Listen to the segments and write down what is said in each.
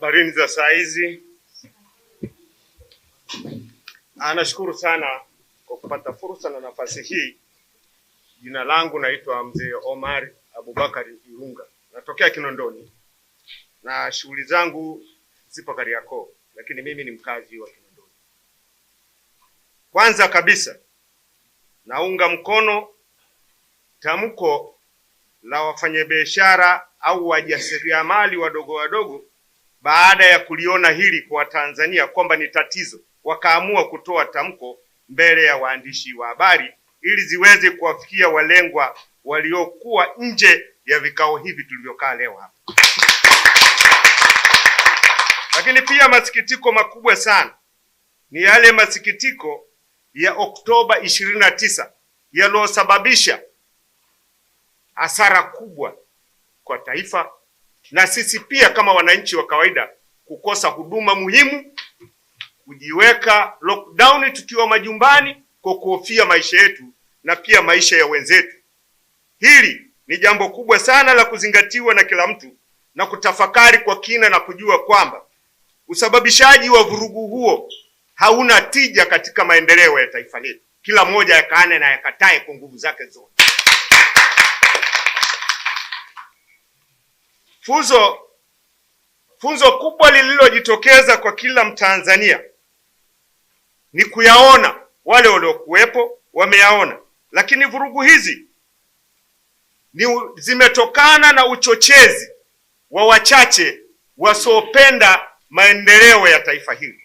Barini za saa hizi, anashukuru sana kwa kupata fursa na nafasi hii. Jina langu naitwa Mzee Omar Abubakari Irunga, natokea Kinondoni na shughuli zangu zipo Kariakoo, lakini mimi ni mkazi wa Kinondoni. Kwanza kabisa naunga mkono tamko la wafanyabiashara au wajasiriamali wadogo wadogo baada ya kuliona hili kwa Tanzania kwamba ni tatizo, wakaamua kutoa tamko mbele ya waandishi wa habari ili ziweze kuwafikia walengwa waliokuwa nje ya vikao hivi tulivyokaa leo hapa. Lakini pia masikitiko makubwa sana ni yale masikitiko ya Oktoba 29 na yaliyosababisha hasara kubwa kwa taifa na sisi pia kama wananchi wa kawaida kukosa huduma muhimu, kujiweka lockdown tukiwa majumbani kwa kuhofia maisha yetu na pia maisha ya wenzetu. Hili ni jambo kubwa sana la kuzingatiwa na kila mtu na kutafakari kwa kina na kujua kwamba usababishaji wa vurugu huo hauna tija katika maendeleo ya taifa letu. Kila mmoja yakaane na yakatae kwa nguvu zake zote. Funzo, funzo kubwa lililojitokeza kwa kila Mtanzania ni kuyaona wale waliokuwepo wameyaona, lakini vurugu hizi ni zimetokana na uchochezi wa wachache wasiopenda maendeleo ya taifa hili.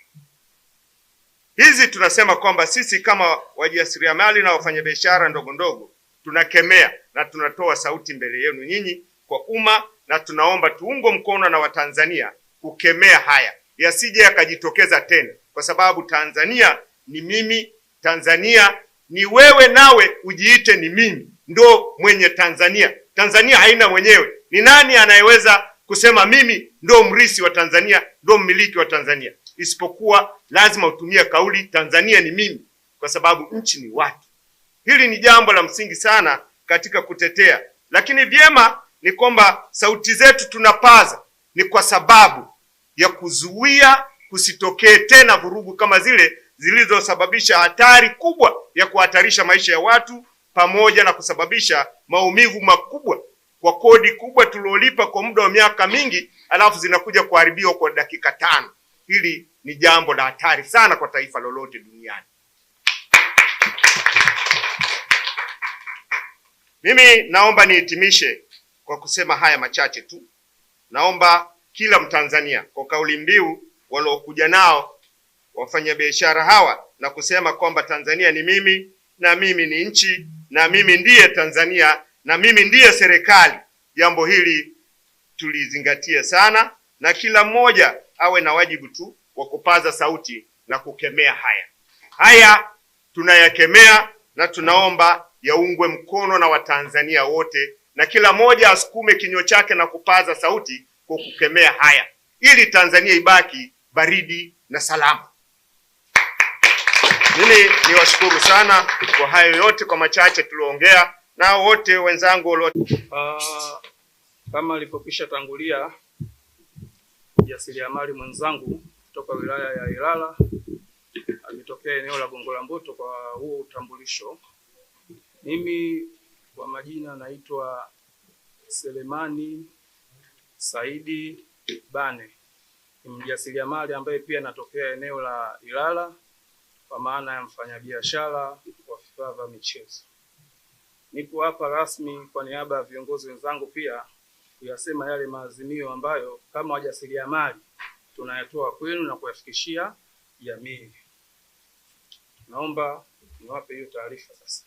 Hizi tunasema kwamba sisi kama wajasiriamali na wafanyabiashara ndogo ndogo tunakemea na tunatoa sauti mbele yenu nyinyi kwa umma na tunaomba tuungwe mkono na Watanzania kukemea haya yasije yakajitokeza tena, kwa sababu Tanzania ni mimi, Tanzania ni wewe, nawe ujiite ni mimi ndo mwenye Tanzania. Tanzania haina mwenyewe. Ni nani anayeweza kusema mimi ndo mrisi wa Tanzania, ndo mmiliki wa Tanzania? Isipokuwa lazima utumie kauli Tanzania ni mimi, kwa sababu nchi ni watu. Hili ni jambo la msingi sana katika kutetea, lakini vyema ni kwamba sauti zetu tunapaza ni kwa sababu ya kuzuia kusitokee tena vurugu kama zile zilizosababisha hatari kubwa ya kuhatarisha maisha ya watu pamoja na kusababisha maumivu makubwa kwa kodi kubwa tuliolipa kwa muda wa miaka mingi, alafu zinakuja kuharibiwa kwa dakika tano. Hili ni jambo la hatari sana kwa taifa lolote duniani. Mimi naomba nihitimishe kwa kusema haya machache tu. Naomba kila Mtanzania kwa kauli mbiu waliokuja nao wafanyabiashara hawa na kusema kwamba Tanzania ni mimi na mimi ni nchi na mimi ndiye Tanzania na mimi ndiye serikali, jambo hili tulizingatie sana, na kila mmoja awe na wajibu tu wa kupaza sauti na kukemea haya haya. Tunayakemea na tunaomba yaungwe mkono na Watanzania wote na kila mmoja asukume kinywa chake na kupaza sauti kwa kukemea haya ili Tanzania ibaki baridi na salama. Mimi niwashukuru sana kwa hayo yote, kwa machache tulioongea na wote wenzangu wote. Uh, ah, kama alipokwisha tangulia mjasiriamali mwenzangu kutoka wilaya ya Ilala ametokea eneo la Gongo la Mboto kwa huo utambulisho mimi kwa majina naitwa Selemani Saidi Bane, ni mjasiriamali ambaye pia natokea eneo la Ilala, kwa maana ya mfanyabiashara wa vifaa vya michezo. Nipo hapa rasmi kwa niaba ya viongozi wenzangu pia kuyasema yale maazimio ambayo kama wajasiriamali tunayatoa kwenu na kuyafikishia jamii. Naomba niwape hiyo taarifa sasa.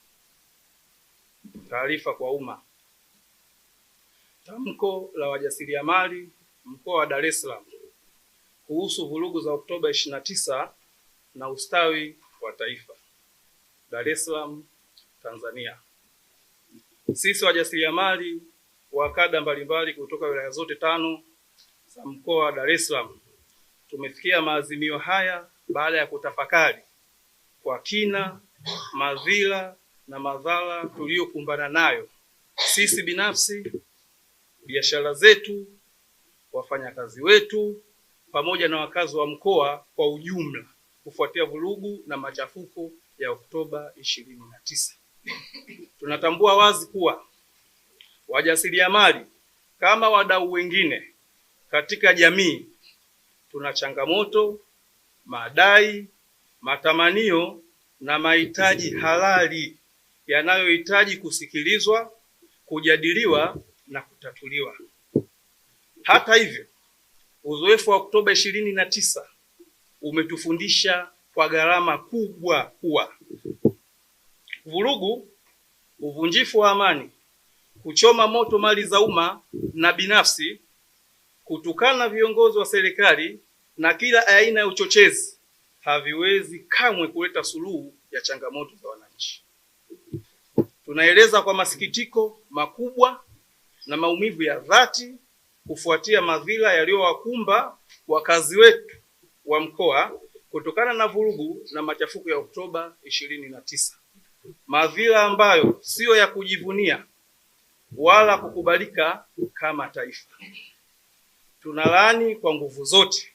Taarifa kwa umma. Tamko la wajasiriamali mkoa wa Dar es Salaam kuhusu vurugu za Oktoba 29 na ustawi wa taifa. Dar es Salaam, Tanzania. Sisi wajasiriamali wa kada mbalimbali kutoka wilaya zote tano za mkoa wa Dar es Salaam tumefikia maazimio haya baada ya kutafakari kwa kina madhila na madhara tuliyokumbana nayo sisi binafsi, biashara zetu, wafanyakazi wetu, pamoja na wakazi wa mkoa kwa ujumla kufuatia vurugu na machafuko ya Oktoba 29. Tunatambua wazi kuwa wajasiriamali kama wadau wengine katika jamii tuna changamoto, madai, matamanio na mahitaji halali yanayohitaji kusikilizwa, kujadiliwa na kutatuliwa. Hata hivyo, uzoefu wa Oktoba ishirini na tisa umetufundisha kwa gharama kubwa kuwa vurugu, uvunjifu wa amani, kuchoma moto mali za umma na binafsi, kutukana viongozi wa serikali na kila aina ya uchochezi haviwezi kamwe kuleta suluhu ya changamoto za wananchi. Tunaeleza kwa masikitiko makubwa na maumivu ya dhati kufuatia madhila yaliyowakumba wakazi wetu wa mkoa kutokana na vurugu na machafuko ya Oktoba 29. madhila ambayo siyo ya kujivunia wala kukubalika kama taifa. Tunalaani kwa nguvu zote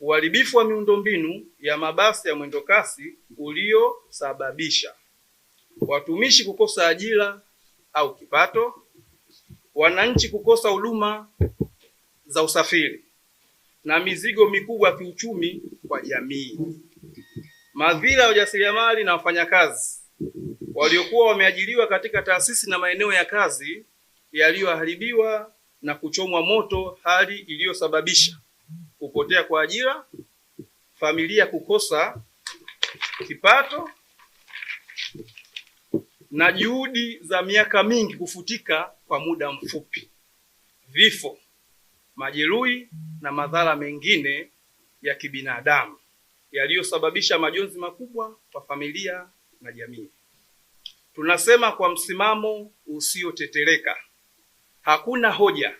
uharibifu wa miundombinu ya mabasi ya mwendokasi uliosababisha watumishi kukosa ajira au kipato, wananchi kukosa huduma za usafiri na mizigo mikubwa ya kiuchumi kwa jamii. Madhila ya ujasiriamali na wafanyakazi waliokuwa wameajiriwa katika taasisi na maeneo ya kazi yaliyoharibiwa na kuchomwa moto, hali iliyosababisha kupotea kwa ajira, familia kukosa kipato na juhudi za miaka mingi kufutika kwa muda mfupi. Vifo, majeruhi na madhara mengine ya kibinadamu yaliyosababisha majonzi makubwa kwa familia na jamii. Tunasema kwa msimamo usiotetereka, hakuna hoja,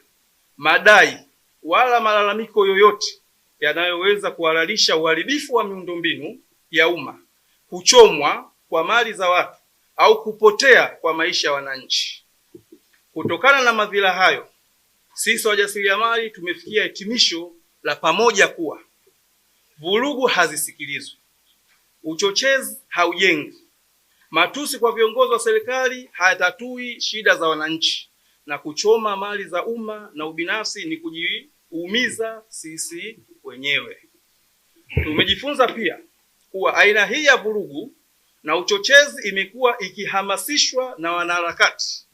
madai wala malalamiko yoyote yanayoweza kuhalalisha uharibifu wa miundombinu ya umma, kuchomwa kwa mali za watu au kupotea kwa maisha ya wananchi. Kutokana na madhila hayo, sisi wajasiriamali tumefikia hitimisho la pamoja kuwa vurugu hazisikilizwi, uchochezi haujengi, matusi kwa viongozi wa serikali hayatatui shida za wananchi, na kuchoma mali za umma na ubinafsi ni kujiumiza sisi wenyewe. Tumejifunza pia kuwa aina hii ya vurugu na uchochezi imekuwa ikihamasishwa na wanaharakati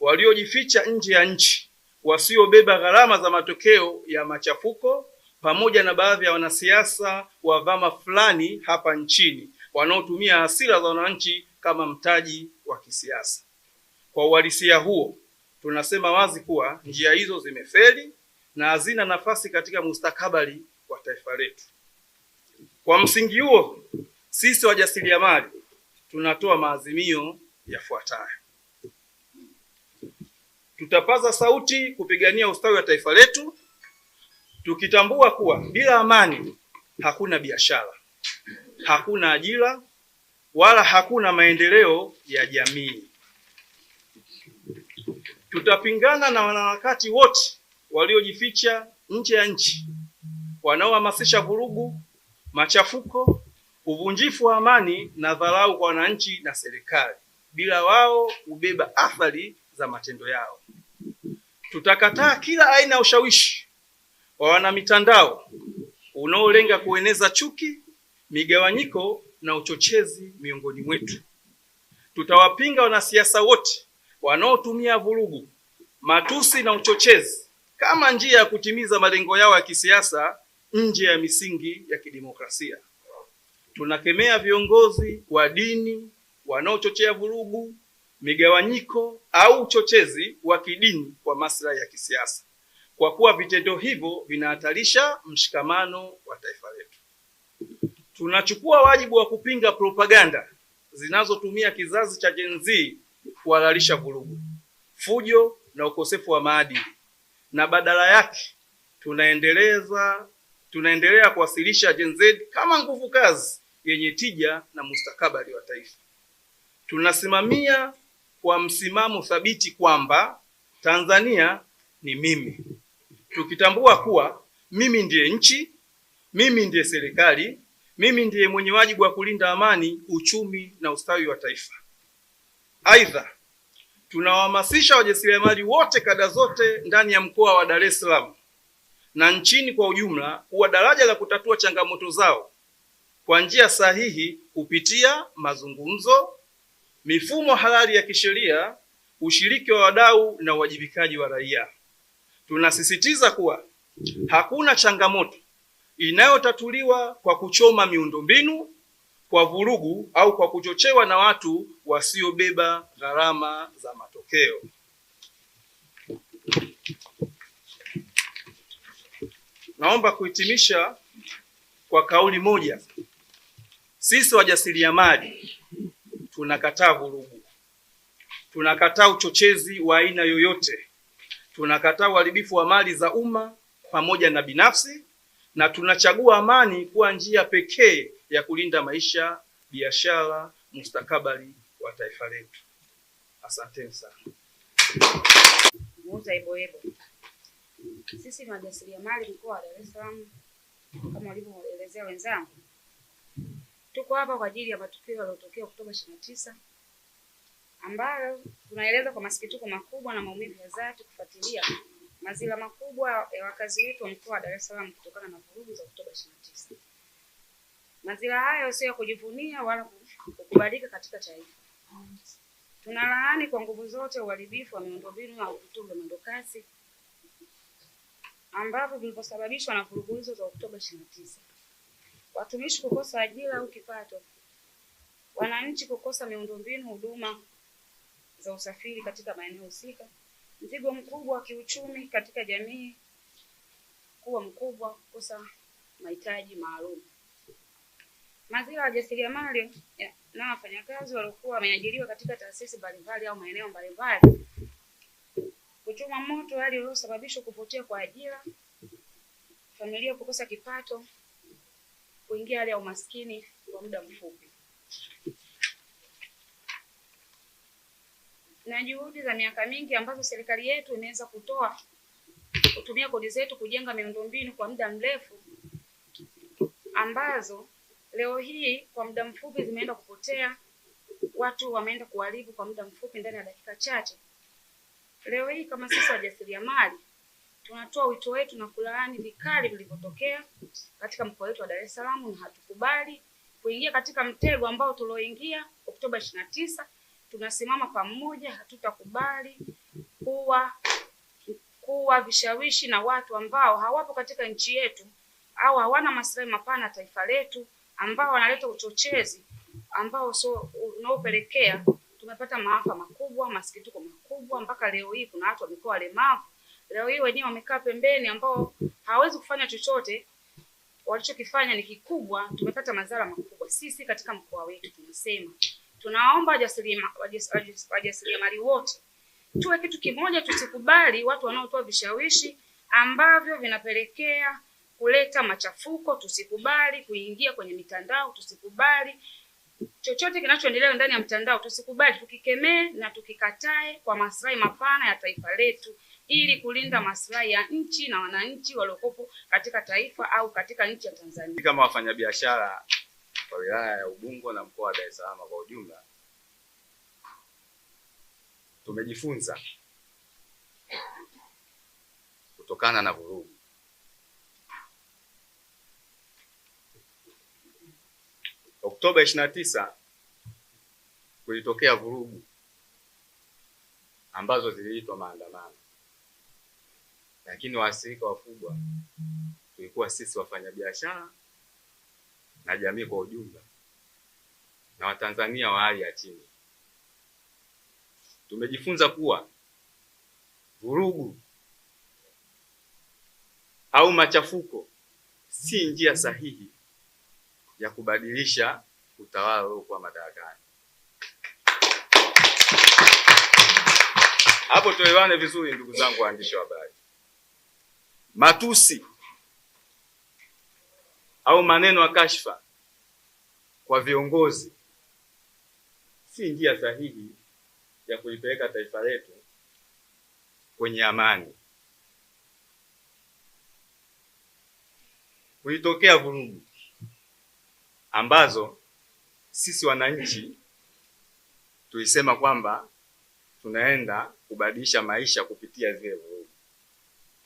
waliojificha nje ya nchi, wasiobeba gharama za matokeo ya machafuko, pamoja na baadhi ya wanasiasa wa vyama fulani hapa nchini wanaotumia hasira za wananchi kama mtaji wa kisiasa. Kwa uhalisia huo, tunasema wazi kuwa njia hizo zimefeli na hazina nafasi katika mustakabali wa taifa letu. Kwa msingi huo, sisi wajasiriamali tunatoa maazimio yafuatayo: tutapaza sauti kupigania ustawi wa taifa letu tukitambua kuwa bila amani hakuna biashara, hakuna ajira wala hakuna maendeleo ya jamii. Tutapingana na wanaharakati wote waliojificha nje ya nchi wanaohamasisha vurugu, machafuko Uvunjifu wa amani na dharau kwa wananchi na serikali, bila wao hubeba athari za matendo yao. Tutakataa kila aina ya ushawishi wa wanamitandao unaolenga kueneza chuki, migawanyiko na uchochezi miongoni mwetu. Tutawapinga wanasiasa wote wanaotumia vurugu, matusi na uchochezi kama njia ya kutimiza malengo yao ya kisiasa nje ya misingi ya kidemokrasia tunakemea viongozi wa dini wanaochochea vurugu, migawanyiko au uchochezi wa kidini kwa maslahi ya kisiasa, kwa kuwa vitendo hivyo vinahatarisha mshikamano wa taifa letu. Tunachukua wajibu wa kupinga propaganda zinazotumia kizazi cha Gen Z kuhalalisha vurugu, fujo na ukosefu wa maadili, na badala yake tunaendeleza tunaendelea kuwasilisha Gen Z kama nguvu kazi yenye tija na mustakabali wa taifa. Tunasimamia kwa msimamo thabiti kwamba Tanzania ni mimi, tukitambua kuwa mimi ndiye nchi, mimi ndiye serikali, mimi ndiye mwenye wajibu wa kulinda amani, uchumi na ustawi wa taifa. Aidha, tunawahamasisha wajasiriamali wote kada zote ndani ya mkoa wa Dar es Salaam na nchini kwa ujumla kuwa daraja la kutatua changamoto zao kwa njia sahihi kupitia mazungumzo, mifumo halali ya kisheria, ushiriki wa wadau na uwajibikaji wa raia. Tunasisitiza kuwa hakuna changamoto inayotatuliwa kwa kuchoma miundombinu, kwa vurugu au kwa kuchochewa na watu wasiobeba gharama za matokeo. Naomba kuhitimisha kwa kauli moja. Sisi wajasiriamali tunakataa vurugu, tunakataa uchochezi wa aina yoyote, tunakataa uharibifu wa mali za umma pamoja na binafsi, na tunachagua amani kuwa njia pekee ya kulinda maisha, biashara, mustakabali wa taifa letu. Asanteni sana. Sisi ni wajasiriamali mkoa wa Dar es Salaam, kama walivyoelezea wenzangu Tuko hapa kwa ajili ya matukio yaliyotokea Oktoba 29 tisa ambayo tunaeleza kwa masikitiko makubwa na maumivu ya dhati kufuatilia mazila makubwa ya wakazi wetu wa mkoa wa Dar es Salaam kutokana na vurugu za Oktoba 29. Mazila hayo sio ya kujivunia wala kukubalika katika taifa. Tunalaani kwa nguvu zote uharibifu wa miundombinu na utumbe vya mwendokasi ambavyo vilivyosababishwa na vurugu hizo za Oktoba 29 watumishi kukosa ajira au kipato, wananchi kukosa miundombinu, huduma za usafiri katika maeneo husika, mzigo mkubwa wa kiuchumi katika jamii kuwa mkubwa, kukosa mahitaji maalum. Mazingira ya wajasiriamali na wafanyakazi waliokuwa wameajiriwa katika taasisi mbalimbali au maeneo mbalimbali kuchoma moto, hali iliyosababisha kupotea kwa ajira, familia kukosa kipato kuingia hali ya umaskini kwa muda mfupi. Na juhudi za miaka mingi ambazo serikali yetu imeweza kutoa kutumia kodi zetu kujenga miundombinu kwa muda mrefu ambazo leo hii kwa muda mfupi zimeenda kupotea, watu wameenda kuharibu kwa muda mfupi ndani ya dakika chache. Leo hii kama sisi wajasiriamali tunatoa wito wetu na kulaani vikali vilivyotokea katika mkoa wetu wa Dar es Salaam, na hatukubali kuingia katika mtego ambao tulioingia Oktoba 29. tisa. Tunasimama pamoja, hatutakubali kuwa kuwa vishawishi na watu ambao hawapo katika nchi yetu au hawana maslahi mapana ya taifa letu, ambao wanaleta uchochezi ambao so unaopelekea tumepata maafa makubwa, masikitiko makubwa. Mpaka leo hii kuna watu wamekuwa walemavu leo hii wenyewe wamekaa pembeni, ambao hawawezi kufanya chochote. Walichokifanya ni kikubwa, tumepata madhara makubwa. Sisi katika mkoa wetu tunasema tunaomba wajasiriamali wote tuwe kitu kimoja, tusikubali watu wanaotoa vishawishi ambavyo vinapelekea kuleta machafuko. Tusikubali kuingia kwenye mitandao, tusikubali chochote kinachoendelea ndani ya mtandao, tusikubali, tukikemee na tukikatae kwa maslahi mapana ya taifa letu ili kulinda maslahi ya nchi na wananchi waliokopo katika taifa au katika nchi ya Tanzania. Kama wafanyabiashara wa wilaya ya Ubungo na mkoa wa Dar es Salaam kwa ujumla, tumejifunza kutokana na vurugu Oktoba 29 tisa kulitokea vurugu ambazo ziliitwa maandamano lakini waathirika wakubwa tulikuwa sisi wafanyabiashara na jamii kwa ujumla na Watanzania wa hali ya chini. Tumejifunza kuwa vurugu au machafuko si njia sahihi ya kubadilisha utawala uliokuwa madarakani. Hapo tuelewane vizuri, ndugu zangu waandishi wa habari matusi au maneno ya kashfa kwa viongozi si njia sahihi ya kulipeleka taifa letu kwenye amani. Kulitokea vurugu ambazo sisi wananchi tulisema kwamba tunaenda kubadilisha maisha kupitia zile vurugu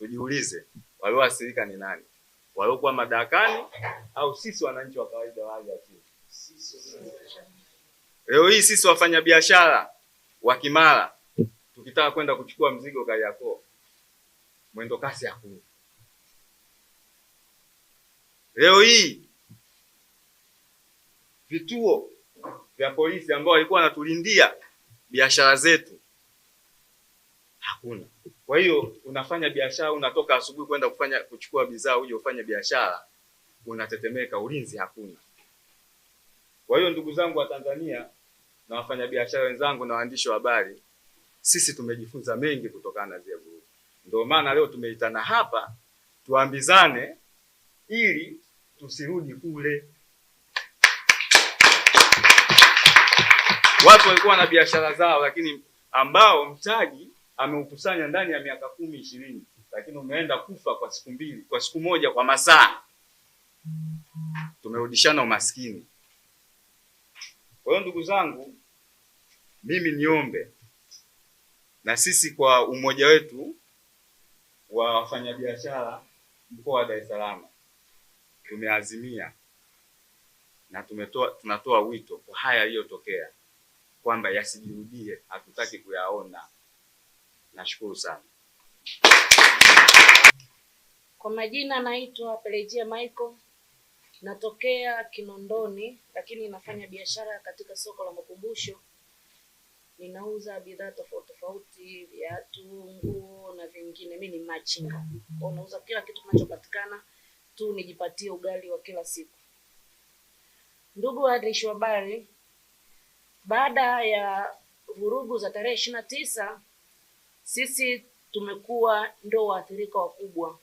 tujiulize walioathirika ni nani, waliokuwa madarakani au sisi wananchi wa kawaida wa hali tu? Leo hii sisi wafanyabiashara wa Kimara tukitaka kwenda kuchukua mzigo Kariakoo, mwendo kasi hakuna. Leo hii vituo vya polisi ambao walikuwa wanatulindia biashara zetu hakuna. Kwa hiyo unafanya biashara, unatoka asubuhi kwenda kufanya kuchukua bidhaa uje ufanye biashara, unatetemeka, ulinzi hakuna. Kwa hiyo ndugu zangu wa Tanzania na wafanyabiashara wenzangu na waandishi wa habari, sisi tumejifunza mengi kutokana na zile vurugu. Ndio maana leo tumeitana hapa tuambizane, ili tusirudi kule. Watu walikuwa na biashara zao, lakini ambao mtaji ameukusanya ndani ya miaka kumi ishirini, lakini umeenda kufa kwa siku mbili, kwa siku moja, kwa masaa. Tumerudishana umaskini. Kwa hiyo ndugu zangu, mimi niombe na sisi kwa umoja wetu wa wafanyabiashara mkoa wa Dar es Salaam tumeazimia na tumetoa, tunatoa wito kwa haya yaliyotokea kwamba yasijirudie, hatutaki kuyaona. Nashukuru sana. Kwa majina naitwa Pelejia Michael, natokea Kinondoni, lakini nafanya biashara katika soko la Makumbusho. Ninauza bidhaa tofauti tofauti, viatu, nguo na vingine. Mimi ni machinga, kwa unauza kila kitu kinachopatikana tu nijipatie ugali wa kila siku. Ndugu waandishi wa habari, baada ya vurugu za tarehe ishirini na tisa sisi tumekuwa ndo waathirika wakubwa,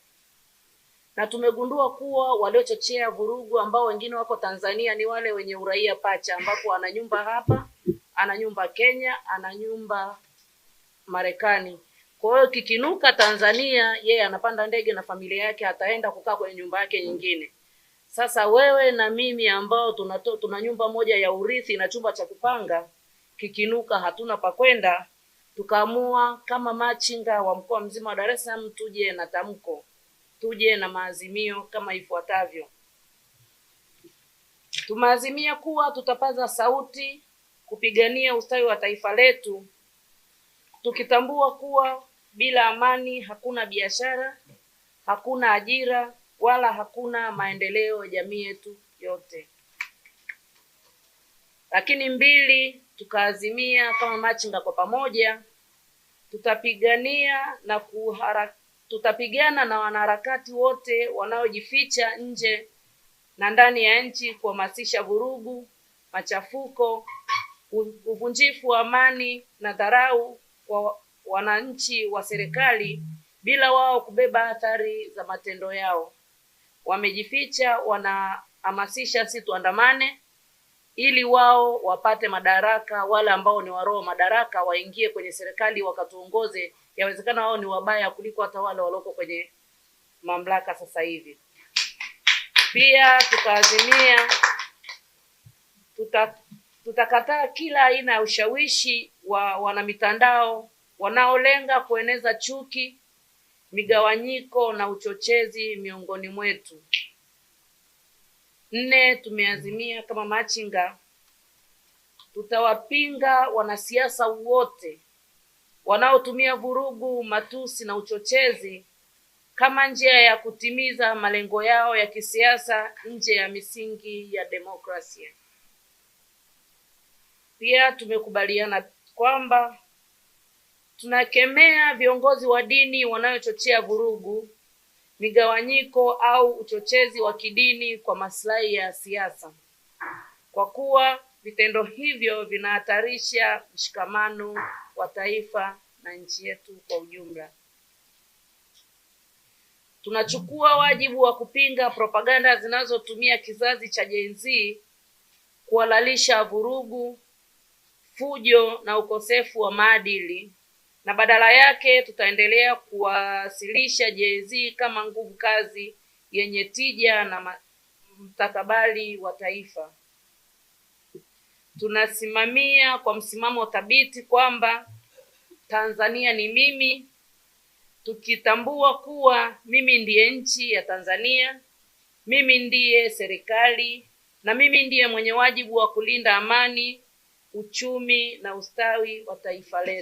na tumegundua kuwa waliochochea vurugu ambao wengine wako Tanzania ni wale wenye uraia pacha, ambapo ana nyumba hapa, ana nyumba Kenya, ana nyumba Marekani. Kwa hiyo kikinuka Tanzania, yeye anapanda ndege na familia yake ataenda kukaa kwenye nyumba yake nyingine. Sasa wewe na mimi ambao tuna, tuna nyumba moja ya urithi na chumba cha kupanga, kikinuka hatuna pa kwenda tukaamua kama machinga wa mkoa mzima wa Dar es Salaam tuje na tamko, tuje na maazimio kama ifuatavyo. Tumeazimia kuwa tutapaza sauti kupigania ustawi wa taifa letu, tukitambua kuwa bila amani hakuna biashara, hakuna ajira wala hakuna maendeleo ya jamii yetu yote. Lakini mbili, tukaazimia kama machinga kwa pamoja tutapigania na kuhara, tutapigana na wanaharakati wote wanaojificha nje na ndani ya nchi kuhamasisha vurugu, machafuko, uvunjifu wa amani na dharau kwa wananchi wa serikali bila wao kubeba athari za matendo yao. Wamejificha, wanahamasisha si tuandamane ili wao wapate madaraka, wale ambao ni waroho madaraka waingie kwenye serikali wakatuongoze. Yawezekana wao ni wabaya kuliko hata wale walioko kwenye mamlaka sasa hivi. Pia tukaazimia tuta, tutakataa kila aina ya ushawishi wa wanamitandao wanaolenga kueneza chuki, migawanyiko na uchochezi miongoni mwetu. Nne, tumeazimia kama machinga tutawapinga wanasiasa wote wanaotumia vurugu, matusi na uchochezi kama njia ya kutimiza malengo yao ya kisiasa nje ya misingi ya demokrasia. Pia tumekubaliana kwamba tunakemea viongozi wa dini wanayochochea vurugu migawanyiko au uchochezi wa kidini kwa maslahi ya siasa, kwa kuwa vitendo hivyo vinahatarisha mshikamano wa taifa na nchi yetu kwa ujumla. Tunachukua wajibu wa kupinga propaganda zinazotumia kizazi cha Gen Z kuhalalisha vurugu, fujo na ukosefu wa maadili na badala yake tutaendelea kuwasilisha JZ kama nguvu kazi yenye tija na mstakabali wa taifa. Tunasimamia kwa msimamo thabiti kwamba Tanzania ni mimi, tukitambua kuwa mimi ndiye nchi ya Tanzania, mimi ndiye serikali na mimi ndiye mwenye wajibu wa kulinda amani, uchumi na ustawi wa taifa letu.